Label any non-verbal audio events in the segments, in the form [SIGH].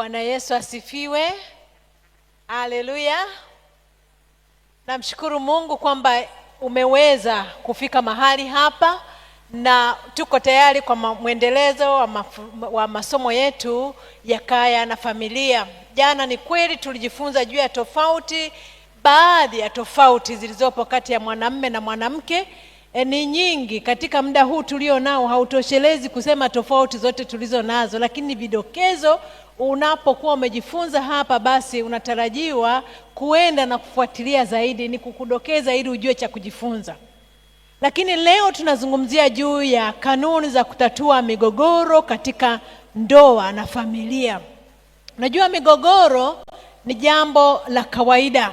Bwana Yesu asifiwe. Haleluya. Namshukuru Mungu kwamba umeweza kufika mahali hapa na tuko tayari kwa mwendelezo wa, wa masomo yetu ya kaya na familia. Jana ni kweli tulijifunza juu ya tofauti, baadhi ya tofauti zilizopo kati ya mwanamme na mwanamke. E, ni nyingi. Katika muda huu tulio nao hautoshelezi kusema tofauti zote tulizo nazo, lakini vidokezo unapokuwa umejifunza hapa, basi unatarajiwa kuenda na kufuatilia zaidi. Ni kukudokeza ili ujue cha kujifunza. Lakini leo tunazungumzia juu ya kanuni za kutatua migogoro katika ndoa na familia. Unajua, migogoro ni jambo la kawaida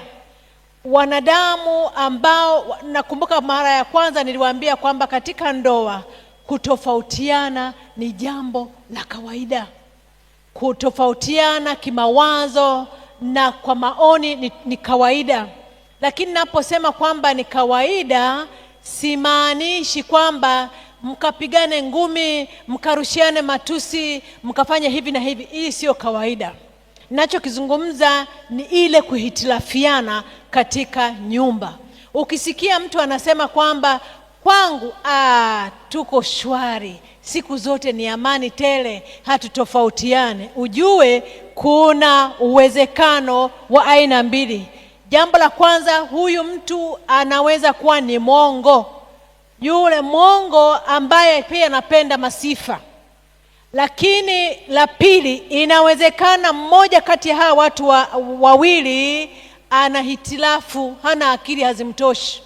wanadamu ambao, nakumbuka mara ya kwanza niliwaambia kwamba katika ndoa kutofautiana ni jambo la kawaida kutofautiana kimawazo na kwa maoni ni, ni kawaida, lakini naposema kwamba ni kawaida simaanishi kwamba mkapigane ngumi mkarushiane matusi mkafanya hivi na hivi. Hii siyo kawaida. Ninachokizungumza ni ile kuhitilafiana katika nyumba. Ukisikia mtu anasema kwamba kwangu ah, tuko shwari siku zote, ni amani tele, hatutofautiane. Ujue kuna uwezekano wa aina mbili. Jambo la kwanza, huyu mtu anaweza kuwa ni mwongo, yule mwongo ambaye pia anapenda masifa. Lakini la pili, inawezekana mmoja kati ya hawa watu wawili wa ana hitilafu, hana akili, hazimtoshi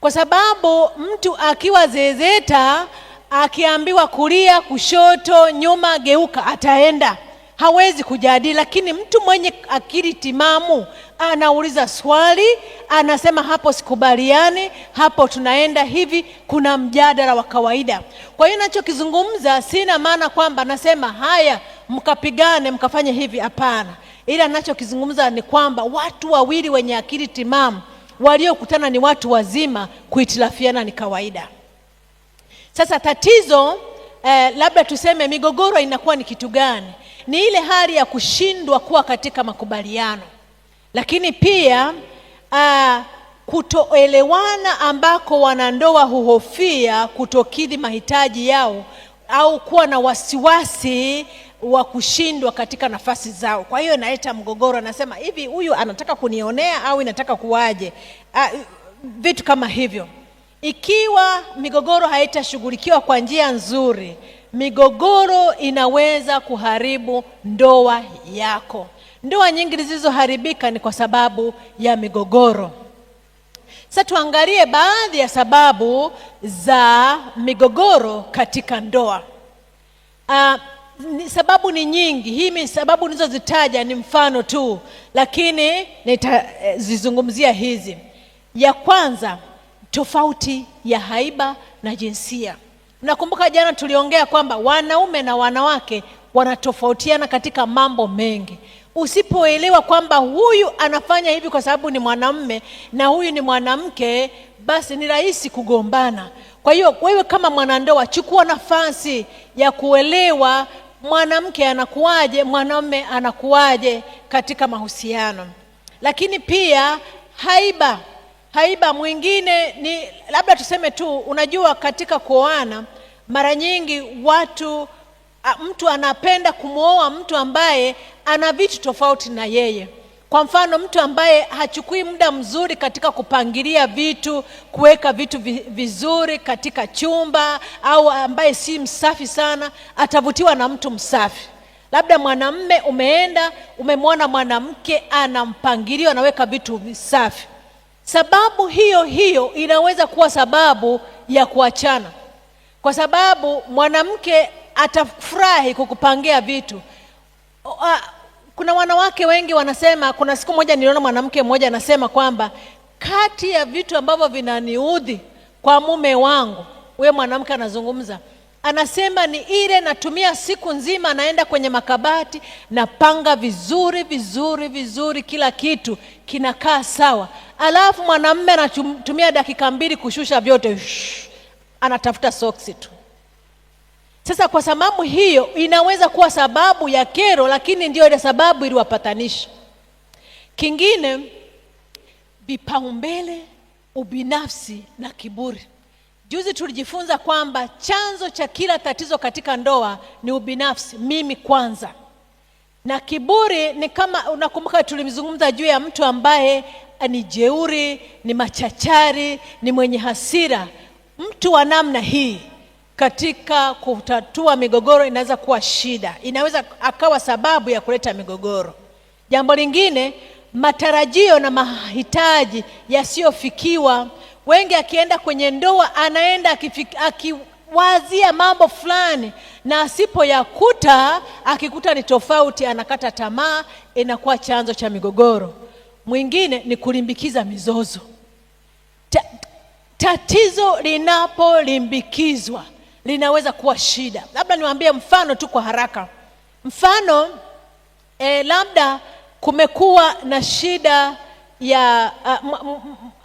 kwa sababu mtu akiwa zezeta, akiambiwa kulia, kushoto, nyuma, geuka, ataenda hawezi kujadili. Lakini mtu mwenye akili timamu anauliza swali, anasema hapo sikubaliani, hapo tunaenda hivi, kuna mjadala wa kawaida. Kwa hiyo ninachokizungumza, sina maana kwamba nasema haya mkapigane, mkafanye hivi, hapana, ila ninachokizungumza ni kwamba watu wawili wenye akili timamu waliokutana ni watu wazima, kuhitilafiana ni kawaida. Sasa tatizo eh, labda tuseme migogoro inakuwa ni kitu gani? Ni ile hali ya kushindwa kuwa katika makubaliano, lakini pia ah, kutoelewana ambako wanandoa huhofia kutokidhi mahitaji yao au kuwa na wasiwasi wa kushindwa katika nafasi zao. Kwa hiyo inaleta mgogoro, anasema hivi, huyu anataka kunionea au inataka kuwaje? Ah, vitu kama hivyo. Ikiwa migogoro haitashughulikiwa kwa njia nzuri, migogoro inaweza kuharibu ndoa yako. Ndoa nyingi zilizoharibika ni kwa sababu ya migogoro. Sasa tuangalie baadhi ya sababu za migogoro katika ndoa. Uh, ni sababu ni nyingi. Hii sababu nilizozitaja ni mfano tu, lakini nitazizungumzia eh, hizi. Ya kwanza, tofauti ya haiba na jinsia. Nakumbuka jana tuliongea kwamba wanaume na wanawake wanatofautiana katika mambo mengi. Usipoelewa kwamba huyu anafanya hivi kwa sababu ni mwanamume na huyu ni mwanamke, basi ni rahisi kugombana. Kwa hiyo wewe kama mwanandoa, chukua nafasi ya kuelewa mwanamke anakuwaje, mwanaume anakuwaje katika mahusiano. Lakini pia haiba, haiba mwingine ni labda tuseme tu, unajua katika kuoana mara nyingi watu mtu anapenda kumwoa mtu ambaye ana vitu tofauti na yeye. Kwa mfano, mtu ambaye hachukui muda mzuri katika kupangilia vitu, kuweka vitu vizuri katika chumba, au ambaye si msafi sana, atavutiwa na mtu msafi. Labda mwanamme umeenda umemwona mwanamke ana mpangilio, anaweka vitu visafi. Sababu hiyo hiyo inaweza kuwa sababu ya kuachana, kwa sababu mwanamke atafurahi kukupangia vitu kuna wanawake wengi wanasema, kuna siku moja niliona mwanamke mmoja anasema kwamba kati ya vitu ambavyo vinaniudhi kwa mume wangu, huyo mwanamke anazungumza, anasema ni ile natumia siku nzima, naenda kwenye makabati, napanga vizuri vizuri vizuri, kila kitu kinakaa sawa, alafu mwanamume anatumia dakika mbili kushusha vyote, shh, anatafuta soksi tu. Sasa kwa sababu hiyo inaweza kuwa sababu ya kero, lakini ndio ile sababu iliwapatanisha. Kingine, vipaumbele, ubinafsi na kiburi. Juzi tulijifunza kwamba chanzo cha kila tatizo katika ndoa ni ubinafsi, mimi kwanza, na kiburi ni kama, unakumbuka tulimzungumza juu ya mtu ambaye ni jeuri, ni machachari, ni mwenye hasira. Mtu wa namna hii katika kutatua migogoro inaweza kuwa shida, inaweza akawa sababu ya kuleta migogoro. Jambo lingine, matarajio na mahitaji yasiyofikiwa. Wengi akienda kwenye ndoa anaenda akifik, akiwazia mambo fulani na asipoyakuta, akikuta ni tofauti, anakata tamaa, inakuwa chanzo cha migogoro. Mwingine ni kulimbikiza mizozo. Ta, tatizo linapolimbikizwa linaweza kuwa shida. Labda niwaambie mfano tu kwa haraka. Mfano e, labda kumekuwa na shida ya ah,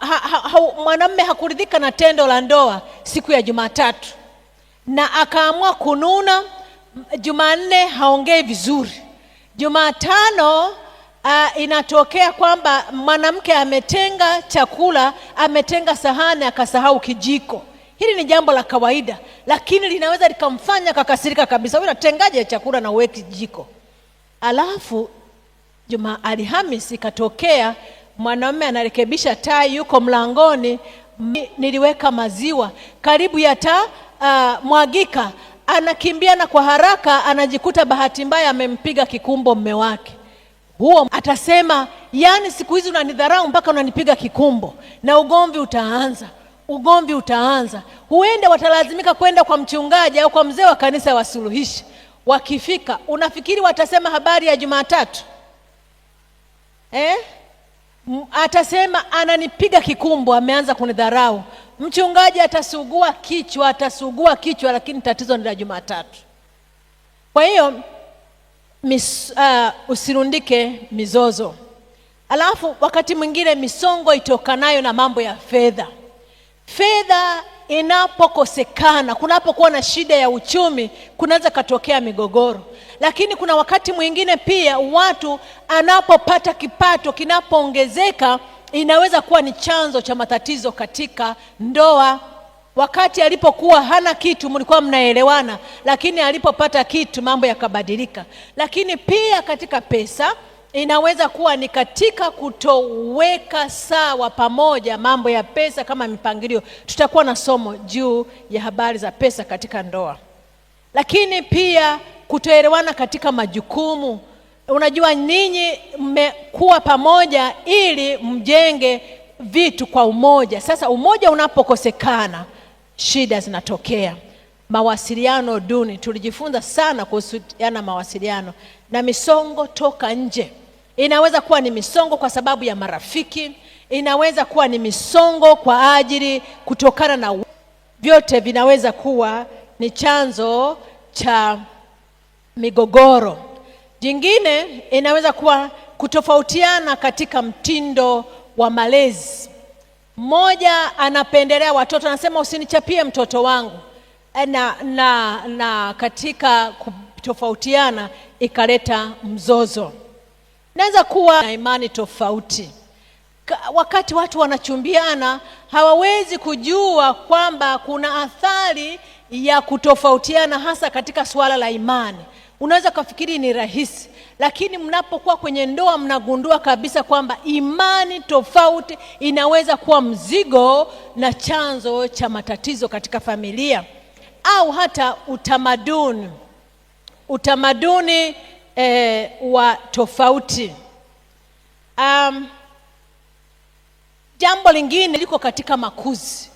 ha, ha, mwanamume hakuridhika na tendo la ndoa siku ya Jumatatu na akaamua kununa. Jumanne haongei vizuri, Jumatano uh, inatokea kwamba mwanamke ametenga chakula, ametenga sahani, akasahau kijiko. Hili ni jambo la kawaida, lakini linaweza likamfanya kakasirika kabisa. Wewe unatengaje chakula na uweki jiko? Alafu Juma alhamis ikatokea mwanaume anarekebisha tai, yuko mlangoni, niliweka maziwa karibu yata uh, ah, mwagika. Anakimbia na kwa haraka, anajikuta bahati mbaya amempiga kikumbo mme wake. Huo atasema, yani siku hizi unanidharau mpaka unanipiga kikumbo, na ugomvi utaanza ugomvi utaanza. Huenda watalazimika kwenda kwa mchungaji au kwa mzee wa kanisa wasuluhishe. Wakifika unafikiri watasema habari ya Jumatatu eh? Atasema ananipiga kikumbo, ameanza kunidharau. Mchungaji atasugua kichwa, atasugua kichwa, lakini tatizo ni la Jumatatu. Kwa hiyo mis, uh, ah, usirundike mizozo. Alafu wakati mwingine misongo itokanayo na mambo ya fedha Fedha inapokosekana, kunapokuwa na shida ya uchumi, kunaweza katokea migogoro. Lakini kuna wakati mwingine pia watu anapopata kipato kinapoongezeka, inaweza kuwa ni chanzo cha matatizo katika ndoa. Wakati alipokuwa hana kitu mlikuwa mnaelewana, lakini alipopata kitu mambo yakabadilika. Lakini pia katika pesa inaweza kuwa ni katika kutoweka sawa pamoja mambo ya pesa kama mipangilio. Tutakuwa na somo juu ya habari za pesa katika ndoa, lakini pia kutoelewana katika majukumu. Unajua, ninyi mmekuwa pamoja ili mjenge vitu kwa umoja. Sasa umoja unapokosekana, shida zinatokea. Mawasiliano duni, tulijifunza sana kuhusiana mawasiliano na misongo toka nje. Inaweza kuwa ni misongo kwa sababu ya marafiki, inaweza kuwa ni misongo kwa ajili kutokana na vyote vinaweza kuwa ni chanzo cha migogoro. Jingine inaweza kuwa kutofautiana katika mtindo wa malezi. Mmoja anapendelea watoto, anasema usinichapie mtoto wangu, eh, na, na, na katika kutofautiana ikaleta mzozo naweza kuwa na imani tofauti. Wakati watu wanachumbiana, hawawezi kujua kwamba kuna athari ya kutofautiana, hasa katika suala la imani. Unaweza ukafikiri ni rahisi, lakini mnapokuwa kwenye ndoa mnagundua kabisa kwamba imani tofauti inaweza kuwa mzigo na chanzo cha matatizo katika familia au hata utamaduni. Utamaduni eh, wa tofauti. Um, jambo lingine liko katika makuzi,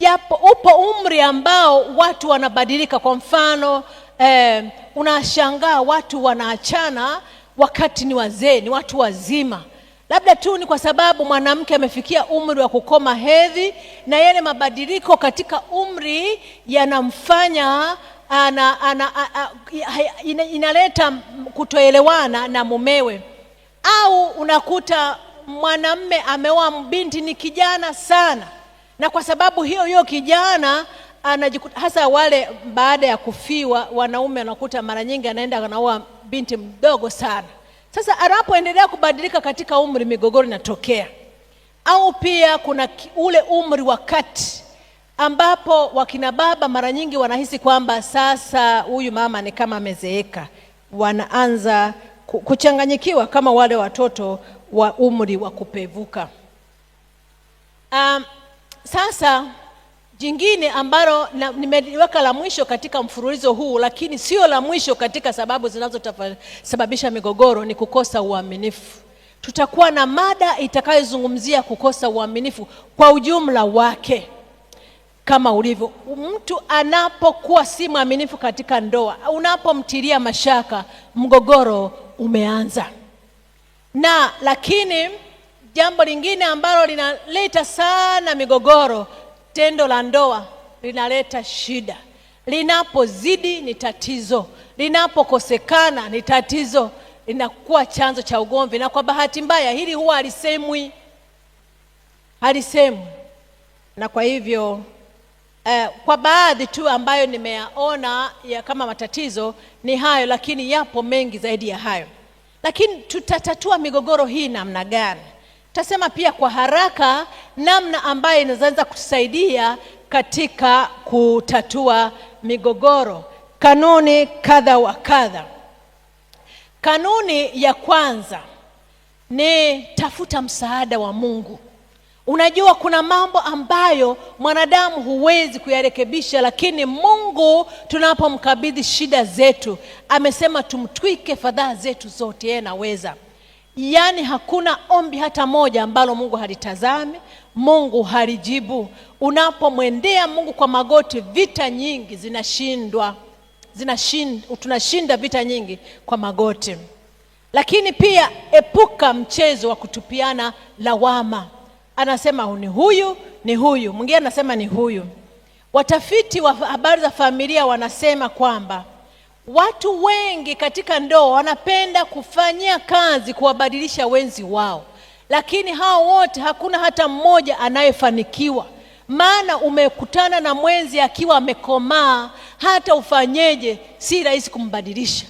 japo upo umri ambao watu wanabadilika. Kwa mfano eh, unashangaa watu wanaachana wakati ni wazee, ni watu wazima labda tu ni kwa sababu mwanamke amefikia umri wa kukoma hedhi na yale mabadiliko katika umri yanamfanya ana, ana, ana, inaleta kutoelewana na mumewe, au unakuta mwanamme ameoa binti ni kijana sana, na kwa sababu hiyo hiyo kijana anajikuta hasa wale baada ya kufiwa wanaume wanakuta mara nyingi anaenda anaoa binti mdogo sana. Sasa anapoendelea kubadilika katika umri, migogoro inatokea. Au pia kuna ule umri wa kati ambapo wakina baba mara nyingi wanahisi kwamba sasa huyu mama ni kama amezeeka, wanaanza kuchanganyikiwa kama wale watoto wa umri wa kupevuka. Um, sasa jingine ambalo nimeliweka la mwisho katika mfululizo huu, lakini sio la mwisho katika sababu zinazosababisha migogoro ni kukosa uaminifu. Tutakuwa na mada itakayozungumzia kukosa uaminifu kwa ujumla wake kama ulivyo. Mtu anapokuwa si mwaminifu katika ndoa, unapomtilia mashaka, mgogoro umeanza. Na lakini jambo lingine ambalo linaleta sana migogoro, tendo la ndoa linaleta shida. Linapozidi ni tatizo, linapokosekana ni tatizo, linakuwa chanzo cha ugomvi. Na kwa bahati mbaya hili huwa halisemwi, halisemwi, na kwa hivyo Eh, kwa baadhi tu ambayo nimeyaona ya kama matatizo ni hayo, lakini yapo mengi zaidi ya hayo. Lakini tutatatua migogoro hii namna gani? Tutasema pia kwa haraka namna ambayo inaweza kutusaidia katika kutatua migogoro, kanuni kadha wa kadha. Kanuni ya kwanza ni tafuta msaada wa Mungu. Unajua kuna mambo ambayo mwanadamu huwezi kuyarekebisha, lakini Mungu tunapomkabidhi shida zetu, amesema tumtwike fadhaa zetu zote, yeye anaweza. Yaani hakuna ombi hata moja ambalo Mungu halitazami, Mungu halijibu. Unapomwendea Mungu kwa magoti, vita nyingi zinashindwa, zinashinda, tunashinda vita nyingi kwa magoti. Lakini pia epuka mchezo wa kutupiana lawama anasema ni huyu, ni huyu, mwingine anasema ni huyu. Watafiti wa habari za familia wanasema kwamba watu wengi katika ndoa wanapenda kufanyia kazi kuwabadilisha wenzi wao, lakini hao wote hakuna hata mmoja anayefanikiwa. Maana umekutana na mwenzi akiwa amekomaa, hata ufanyeje, si rahisi kumbadilisha.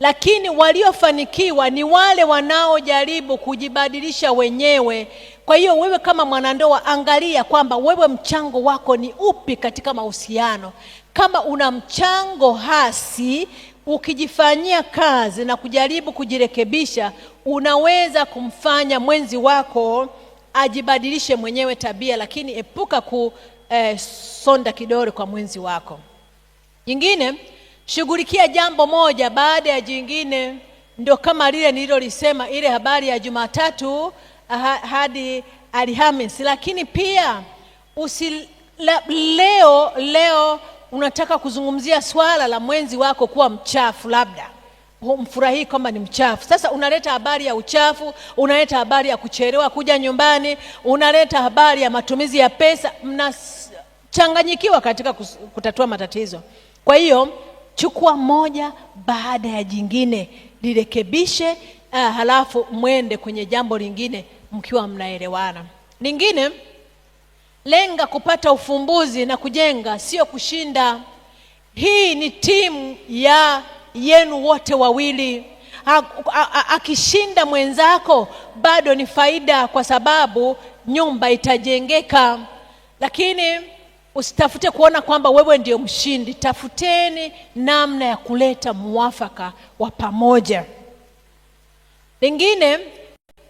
Lakini waliofanikiwa ni wale wanaojaribu kujibadilisha wenyewe. Kwa hiyo wewe kama mwanandoa, angalia kwamba wewe mchango wako ni upi katika mahusiano. Kama una mchango hasi, ukijifanyia kazi na kujaribu kujirekebisha, unaweza kumfanya mwenzi wako ajibadilishe mwenyewe tabia, lakini epuka kusonda eh, kidole kwa mwenzi wako. Nyingine, Shughulikia jambo moja baada ya jingine, ndio kama lile nililolisema, ile habari ya Jumatatu ah, hadi Alhamisi. Lakini pia usi, la, leo leo unataka kuzungumzia swala la mwenzi wako kuwa mchafu, labda mfurahii kwamba ni mchafu. Sasa unaleta habari ya uchafu, unaleta habari ya kuchelewa kuja nyumbani, unaleta habari ya matumizi ya pesa, mnachanganyikiwa katika kutatua matatizo. Kwa hiyo Chukua moja baada ya jingine, lirekebishe, uh, halafu mwende kwenye jambo lingine mkiwa mnaelewana. Lingine, lenga kupata ufumbuzi na kujenga, sio kushinda. Hii ni timu ya yenu wote wawili. Akishinda mwenzako bado ni faida, kwa sababu nyumba itajengeka, lakini Usitafute kuona kwamba wewe ndio mshindi, tafuteni namna ya kuleta mwafaka wa pamoja. Lingine,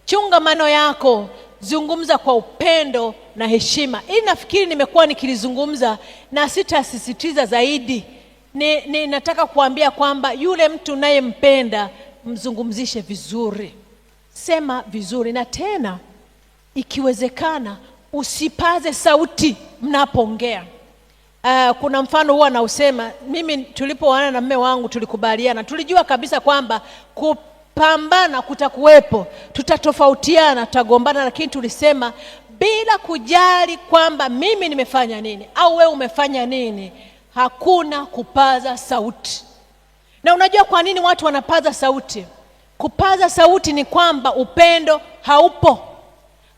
chunga mano yako, zungumza kwa upendo na heshima. Ili nafikiri nimekuwa nikilizungumza na sitasisitiza zaidi. ninataka ni kuambia kwamba yule mtu unayempenda mzungumzishe vizuri, sema vizuri, na tena ikiwezekana usipaze sauti mnapoongea. Uh, eh, kuna mfano huwa nausema mimi, tulipoana na mme wangu tulikubaliana, tulijua kabisa kwamba kupambana kutakuwepo, tutatofautiana, tutagombana, lakini tulisema bila kujali kwamba mimi nimefanya nini au wewe umefanya nini, hakuna kupaza sauti. Na unajua kwa nini watu wanapaza sauti? Kupaza sauti ni kwamba upendo haupo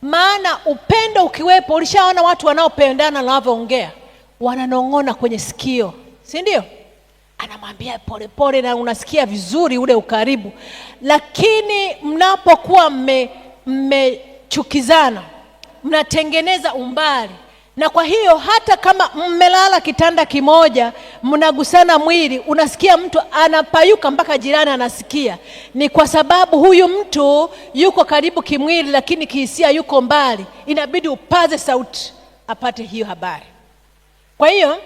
maana upendo ukiwepo, ulishaona watu wanaopendana wanavyoongea, wananong'ona kwenye sikio, si ndio? Anamwambia polepole na unasikia vizuri ule ukaribu, lakini mnapokuwa mmechukizana, mnatengeneza umbali na kwa hiyo hata kama mmelala kitanda kimoja, mnagusana mwili, unasikia mtu anapayuka mpaka jirani anasikia, ni kwa sababu huyu mtu yuko karibu kimwili, lakini kihisia yuko mbali. Inabidi upaze sauti apate hiyo habari. Kwa hiyo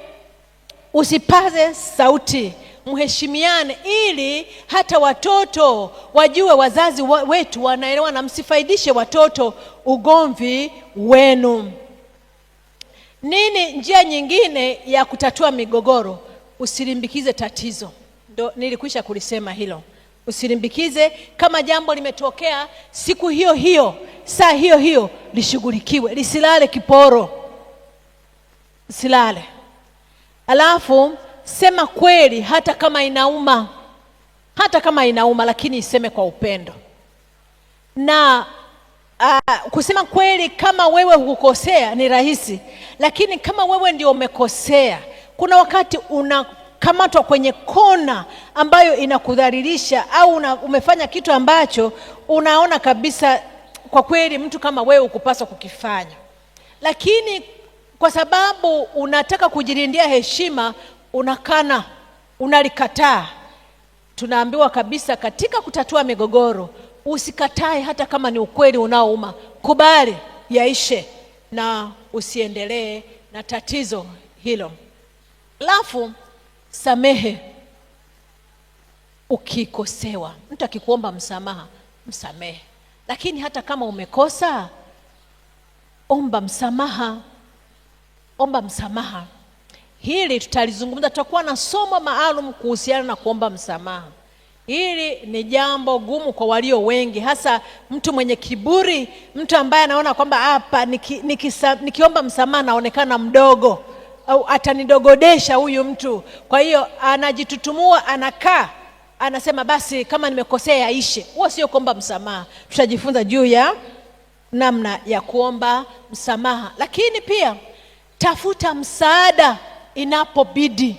usipaze sauti, mheshimiane, ili hata watoto wajue wazazi wetu wanaelewa, na msifaidishe watoto ugomvi wenu. Nini njia nyingine ya kutatua migogoro? Usilimbikize tatizo. Ndo nilikwisha kulisema hilo, usilimbikize. Kama jambo limetokea siku hiyo hiyo, saa hiyo hiyo, lishughulikiwe, lisilale kiporo, silale Alafu sema kweli, hata kama inauma, hata kama inauma, lakini iseme kwa upendo na Uh, kusema kweli kama wewe hukukosea ni rahisi, lakini kama wewe ndio umekosea, kuna wakati unakamatwa kwenye kona ambayo inakudhalilisha au una, umefanya kitu ambacho unaona kabisa kwa kweli mtu kama wewe hukupaswa kukifanya, lakini kwa sababu unataka kujilindia heshima unakana, unalikataa. Tunaambiwa kabisa katika kutatua migogoro usikatae, hata kama ni ukweli unaouma, kubali yaishe na usiendelee na tatizo hilo. Alafu samehe ukikosewa. Mtu akikuomba msamaha, msamehe, lakini hata kama umekosa, omba msamaha, omba msamaha. Hili tutalizungumza, tutakuwa na somo maalum kuhusiana na kuomba msamaha. Hili ni jambo gumu kwa walio wengi, hasa mtu mwenye kiburi, mtu ambaye anaona kwamba hapa niki, niki, nikiomba msamaha naonekana mdogo au atanidogodesha huyu mtu. Kwa hiyo anajitutumua, anakaa, anasema basi kama nimekosea yaishe. Huo sio kuomba msamaha. Tutajifunza juu ya namna ya kuomba msamaha, lakini pia tafuta msaada inapobidi.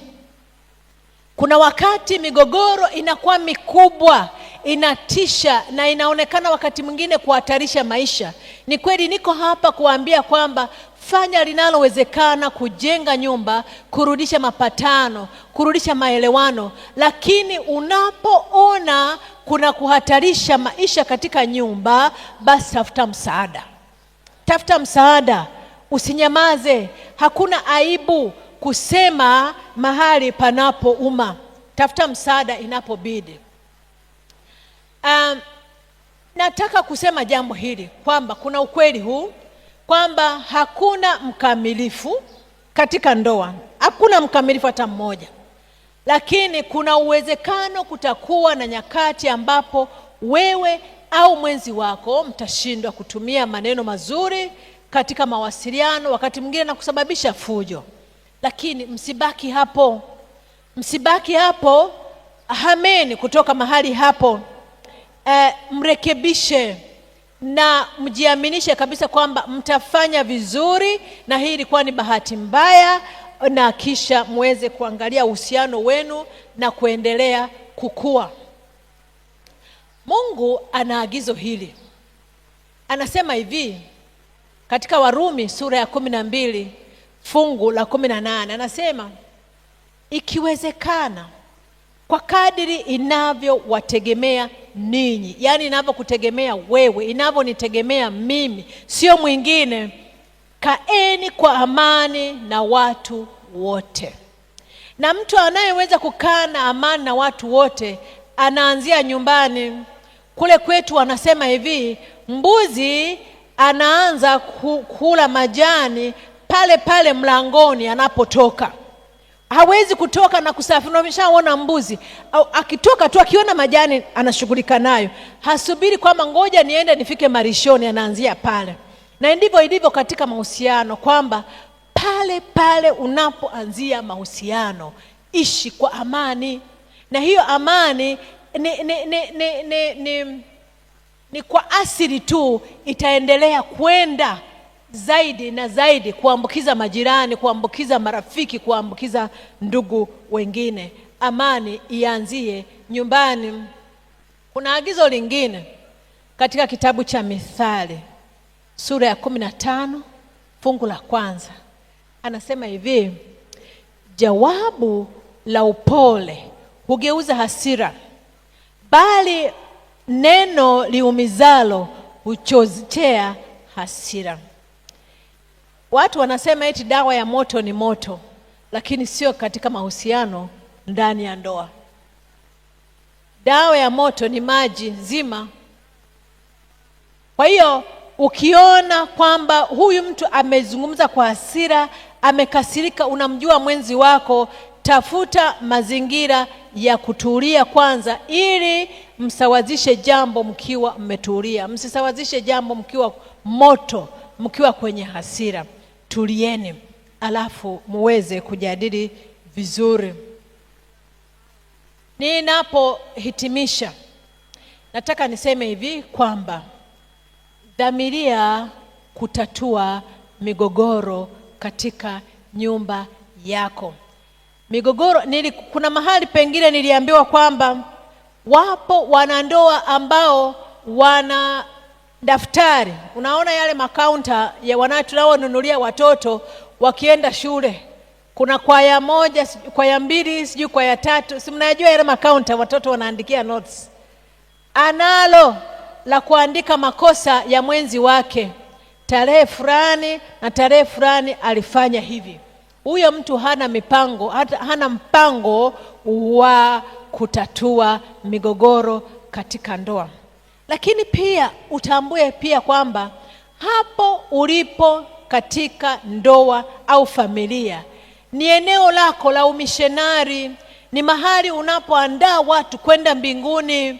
Kuna wakati migogoro inakuwa mikubwa, inatisha na inaonekana wakati mwingine kuhatarisha maisha. Ni kweli, niko hapa kuambia kwamba fanya linalowezekana kujenga nyumba, kurudisha mapatano, kurudisha maelewano, lakini unapoona kuna kuhatarisha maisha katika nyumba, basi tafuta msaada, tafuta msaada, usinyamaze. Hakuna aibu kusema mahali panapouma, tafuta msaada inapobidi. Um, nataka kusema jambo hili kwamba kuna ukweli huu kwamba hakuna mkamilifu katika ndoa, hakuna mkamilifu hata mmoja, lakini kuna uwezekano kutakuwa na nyakati ambapo wewe au mwenzi wako mtashindwa kutumia maneno mazuri katika mawasiliano, wakati mwingine na kusababisha fujo. Lakini msibaki hapo, msibaki hapo, hameni kutoka mahali hapo. E, mrekebishe na mjiaminishe kabisa kwamba mtafanya vizuri, na hii ilikuwa ni bahati mbaya, na kisha muweze kuangalia uhusiano wenu na kuendelea kukua. Mungu ana agizo hili, anasema hivi katika Warumi sura ya kumi na mbili fungu la kumi na nane anasema ikiwezekana, kwa kadiri inavyowategemea ninyi, yaani inavyokutegemea wewe, inavyonitegemea mimi, sio mwingine. Kaeni kwa amani na watu wote, na mtu anayeweza kukaa na amani na watu wote anaanzia nyumbani. Kule kwetu wanasema hivi, mbuzi anaanza kula majani pale pale mlangoni anapotoka hawezi kutoka na kusafi. Ameshaona mbuzi au akitoka tu akiona majani anashughulika nayo, hasubiri kwamba ngoja niende nifike marishoni anaanzia pale. Na ndivyo ilivyo katika mahusiano, kwamba pale pale unapoanzia mahusiano, ishi kwa amani, na hiyo amani ni, ni, ni, ni, ni, ni, ni kwa asili tu itaendelea kwenda zaidi na zaidi, kuambukiza majirani, kuambukiza marafiki, kuambukiza ndugu wengine. Amani ianzie nyumbani. Kuna agizo lingine katika kitabu cha Mithali sura ya kumi na tano fungu la kwanza, anasema hivi: jawabu la upole hugeuza hasira, bali neno liumizalo huchochea hasira. Watu wanasema eti dawa ya moto ni moto, lakini sio katika mahusiano ndani ya ndoa. Dawa ya moto ni maji nzima. Kwa hiyo ukiona kwamba huyu mtu amezungumza kwa hasira, amekasirika, unamjua mwenzi wako, tafuta mazingira ya kutulia kwanza, ili msawazishe jambo mkiwa mmetulia. Msisawazishe jambo mkiwa moto, mkiwa kwenye hasira tulieni, alafu muweze kujadili vizuri. Ninapohitimisha, nataka niseme hivi kwamba dhamiria kutatua migogoro katika nyumba yako. Migogoro nili, kuna mahali pengine niliambiwa kwamba wapo wanandoa ambao wana daftari. Unaona yale makaunta ya wana tunaonunulia watoto wakienda shule, kuna kwaya moja, kwaya mbili, sijui kwaya tatu, si mnajua yale makaunta watoto wanaandikia notes. Analo la kuandika makosa ya mwenzi wake, tarehe fulani na tarehe fulani alifanya hivi. Huyo mtu hana mipango, hana mpango wa kutatua migogoro katika ndoa. Lakini pia utambue pia kwamba hapo ulipo katika ndoa au familia ni eneo lako la umishenari, ni mahali unapoandaa watu kwenda mbinguni.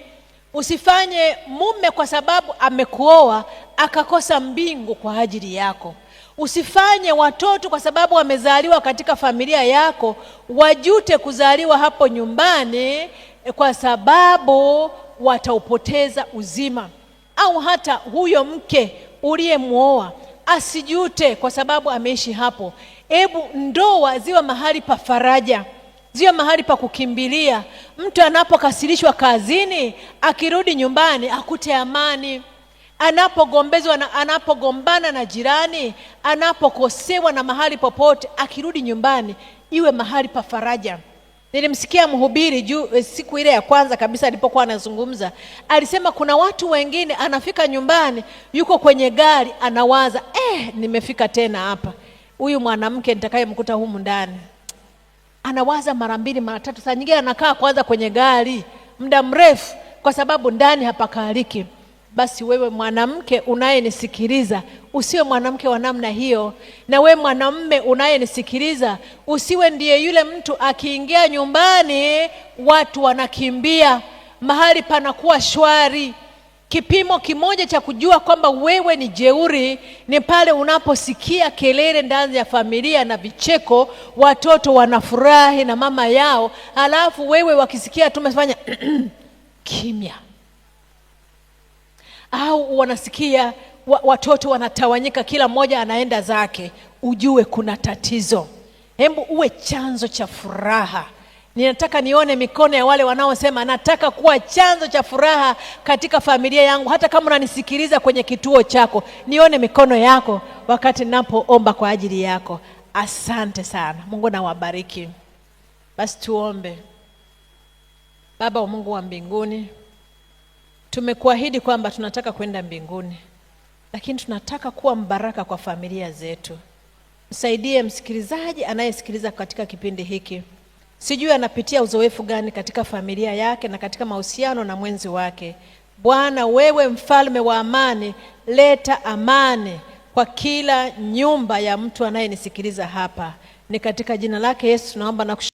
Usifanye mume kwa sababu amekuoa akakosa mbingu kwa ajili yako. Usifanye watoto kwa sababu wamezaliwa katika familia yako wajute kuzaliwa hapo nyumbani, kwa sababu wataupoteza uzima. Au hata huyo mke uliyemwoa asijute kwa sababu ameishi hapo. Hebu ndoa ziwe mahali pa faraja, ziwe mahali pa kukimbilia. Mtu anapokasirishwa kazini, akirudi nyumbani akute amani anapogombezwa na anapogombana na jirani, anapokosewa na mahali popote, akirudi nyumbani iwe mahali pa faraja. Nilimsikia mhubiri juu eh, siku ile ya kwanza kabisa alipokuwa anazungumza, alisema kuna watu wengine anafika nyumbani, yuko kwenye gari, anawaza eh, nimefika tena hapa, huyu mwanamke nitakayemkuta humu ndani. Anawaza mara mbili mara tatu, saa nyingine anakaa kwanza kwenye gari muda mrefu, kwa sababu ndani hapakaliki basi wewe mwanamke unayenisikiliza usiwe mwanamke wa namna hiyo, na wewe mwanamme unayenisikiliza usiwe ndiye yule mtu akiingia nyumbani watu wanakimbia, mahali panakuwa shwari. Kipimo kimoja cha kujua kwamba wewe ni jeuri ni pale unaposikia kelele ndani ya familia na vicheko, watoto wanafurahi na mama yao, alafu wewe wakisikia tumefanya [CLEARS THROAT] kimya au wanasikia watoto wanatawanyika, kila mmoja anaenda zake, ujue kuna tatizo. Hebu uwe chanzo cha furaha. Ninataka nione mikono ya wale wanaosema nataka kuwa chanzo cha furaha katika familia yangu. Hata kama unanisikiliza kwenye kituo chako, nione mikono yako wakati ninapoomba kwa ajili yako. Asante sana, Mungu nawabariki. Basi tuombe. Baba wa Mungu wa mbinguni Tumekuahidi kwamba tunataka kwenda mbinguni, lakini tunataka kuwa mbaraka kwa familia zetu. Msaidie msikilizaji anayesikiliza katika kipindi hiki, sijui anapitia uzoefu gani katika familia yake na katika mahusiano na mwenzi wake. Bwana, wewe mfalme wa amani, leta amani kwa kila nyumba ya mtu anayenisikiliza hapa, ni katika jina lake Yesu tunaomba na